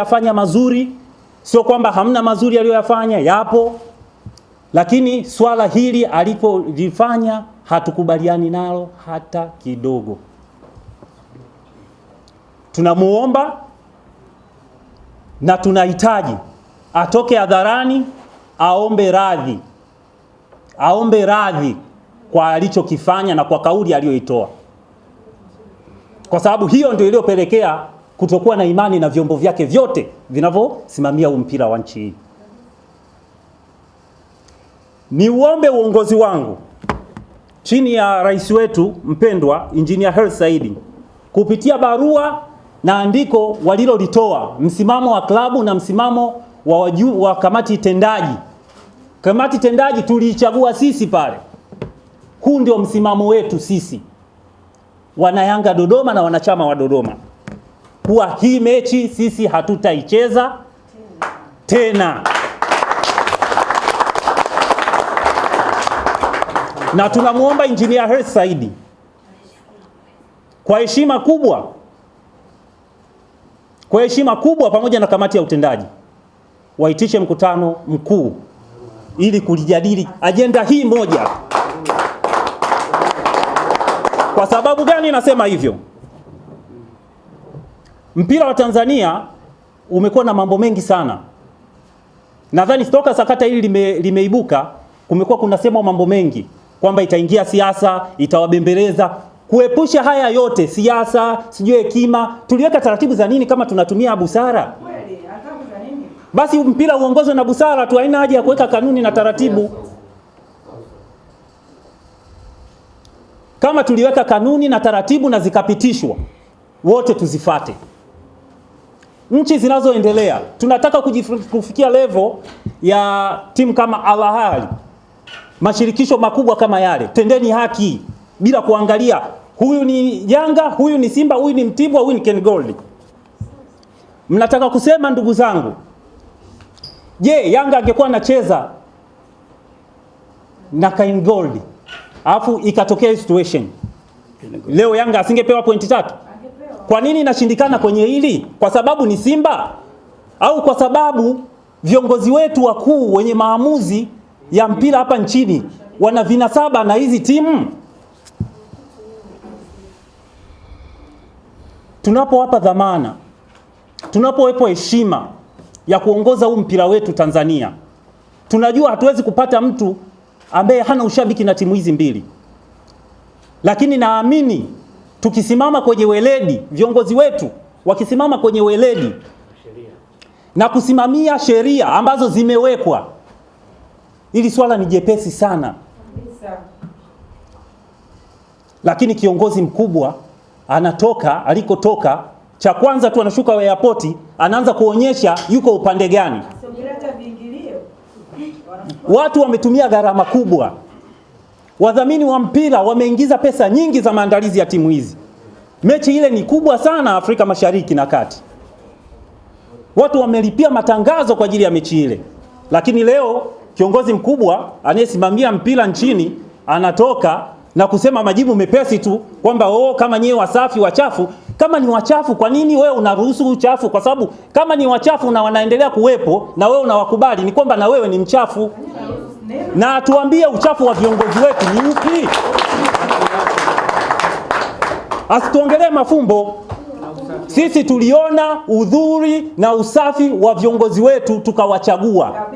Yafanya mazuri, sio kwamba hamna mazuri aliyoyafanya, yapo, lakini swala hili alipolifanya hatukubaliani nalo hata kidogo. Tunamuomba na tunahitaji atoke hadharani, aombe radhi, aombe radhi kwa alichokifanya na kwa kauli aliyoitoa, kwa sababu hiyo ndio iliyopelekea kutokuwa na imani na vyombo vyake vyote vinavyosimamia huu mpira wa nchi hii. Ni uombe uongozi wangu chini ya rais wetu mpendwa Injinia Hersi Saidi kupitia barua na andiko walilolitoa, msimamo wa klabu na msimamo wa wajuu wa kamati tendaji. Kamati tendaji tuliichagua sisi pale, huu ndio msimamo wetu sisi wanayanga Dodoma na wanachama wa Dodoma kuwa hii mechi sisi hatutaicheza tena, na tunamwomba Injinia Hersi Saidi kwa heshima kubwa, kwa heshima kubwa, pamoja na kamati ya utendaji waitishe mkutano mkuu ili kulijadili ajenda hii moja. Kwa sababu gani nasema hivyo? Mpira wa Tanzania umekuwa na mambo mengi sana. Nadhani toka sakata hili lime, limeibuka kumekuwa kunasemwa mambo mengi kwamba itaingia siasa, itawabembeleza. Kuepusha haya yote, siasa, sijui hekima, tuliweka taratibu za nini kama tunatumia busara? Basi mpira uongozwe na busara tu, haina haja ya kuweka kanuni na taratibu. Kama tuliweka kanuni na taratibu na zikapitishwa, wote tuzifate nchi zinazoendelea tunataka kufikia levo ya timu kama Al Ahly, mashirikisho makubwa kama yale. Tendeni haki bila kuangalia huyu ni Yanga, huyu ni Simba, huyu ni Mtibwa, huyu ni Ken Gold. Mnataka kusema ndugu zangu, je, Yanga angekuwa anacheza na Ken Gold alafu ikatokea situation leo Yanga asingepewa pointi tatu? Kwa nini inashindikana kwenye hili? Kwa sababu ni Simba au kwa sababu viongozi wetu wakuu wenye maamuzi ya mpira hapa nchini wana vinasaba na hizi timu? Tunapowapa dhamana, tunapowepo heshima ya kuongoza huu mpira wetu Tanzania, tunajua hatuwezi kupata mtu ambaye hana ushabiki na timu hizi mbili, lakini naamini tukisimama kwenye weledi, viongozi wetu wakisimama kwenye weledi na kusimamia sheria ambazo zimewekwa, hili swala ni jepesi sana. Lakini kiongozi mkubwa anatoka alikotoka, cha kwanza tu anashuka airport, anaanza kuonyesha yuko upande gani. Watu wametumia gharama kubwa Wadhamini wa mpira wameingiza pesa nyingi za maandalizi ya timu hizi. Mechi ile ni kubwa sana Afrika Mashariki na Kati, watu wamelipia matangazo kwa ajili ya mechi ile, lakini leo kiongozi mkubwa anayesimamia mpira nchini anatoka na kusema majibu mepesi tu kwamba oh, kama nyewe Wasafi wachafu. Kama ni wachafu, kwa nini wewe unaruhusu uchafu? Kwa sababu kama ni wachafu na wanaendelea kuwepo na wewe unawakubali, ni kwamba na wewe ni mchafu na atuambie uchafu wa viongozi wetu ni upi, asituongelee mafumbo. Sisi tuliona udhuri na usafi wa viongozi wetu tukawachagua.